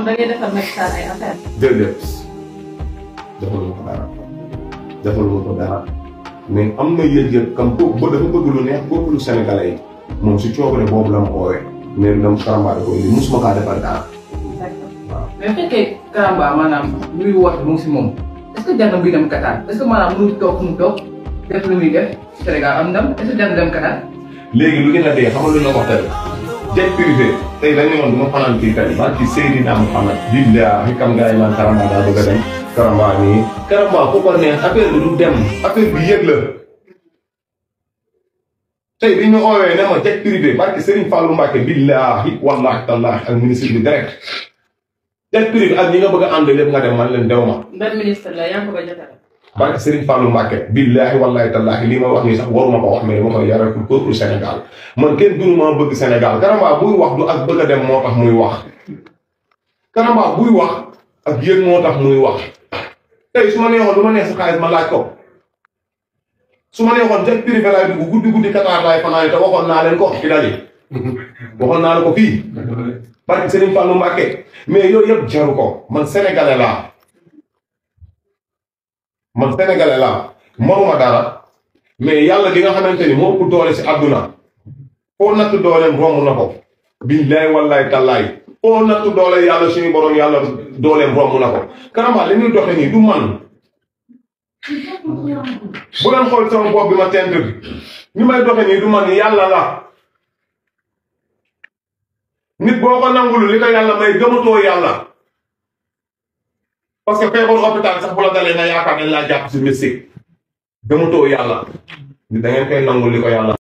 kon da ngay defal ko am na yëg kam ko dafa bëgg lu neex bëgg lu Sénégalais yi moom si coobare boobu la ma oowee. mais dama karambaale ko indi musuma kaa defal dara. waaw fekkee karamba maanaam luy woote mu ngi si moom est dem Qatar est que maanaam mënul toog mu toog def lu muy def Sénégal am ndam est ce que dem Qatar. léegi lu gën a dee xamal lu ñu la wax jet privé tey dañu woon du ma fanaan kii tey ba ci Seydina Mouhamed billaahi kam gars yi naan Karamba daa bëgg dem Karamba nii Karamba ku ko neex affaire bi du dem affaire bi yëg la tey bi ñu oowee ne ma jet privé barki Serigne Fallou Mbacke billaahi wallaahi tallaahi ak ministre bi direct jet privé ak ñi nga bëgg a ànd nga dem man leen dew ma. ban ministre la yaa ngi ko ba barke Serigne Fallou Mbacke billaahi wallaahi tallaahi lii ma wax nii sax waruma ko wax mais dama koy yaral pour peuple man kenn duñu ma bëgg Sénégal Karamba buy wax du ak bëgg a dem moo tax muy wax. Karamba buy wax ak yéen moo tax muy wax tey su ma neexoon du ma neex sa xaalis ma laaj ko su ma neexoon jet privé laay dugg guddi guddi Qatar laay fanaan waxoon naa leen ko ci dali waxoon naa la ko fii barke Serigne Fallou Mbacke mais yooyu yëpp jaru ko man sénégalais laa. man la laa ma dara mais yàlla gi nga xamante ni moo ëpp doole si àdduna foo natt dooleem romb na ko billaay wallaay tallaay foo natt doole yàlla suñu borom yàlla dooleem romb na ko Karamba li ñuy doxe nii du man bu leen xool sama bopp bi ma tent bi ni may doxe nii du man yàlla la nit boo ko nangul li ko yàlla may gëmatoo yàlla parce que feebaru hôpital sax bu la dalee nga yaakaar ne laa jàpp si mystique gëmatoo yàlla da ngeen koy nangu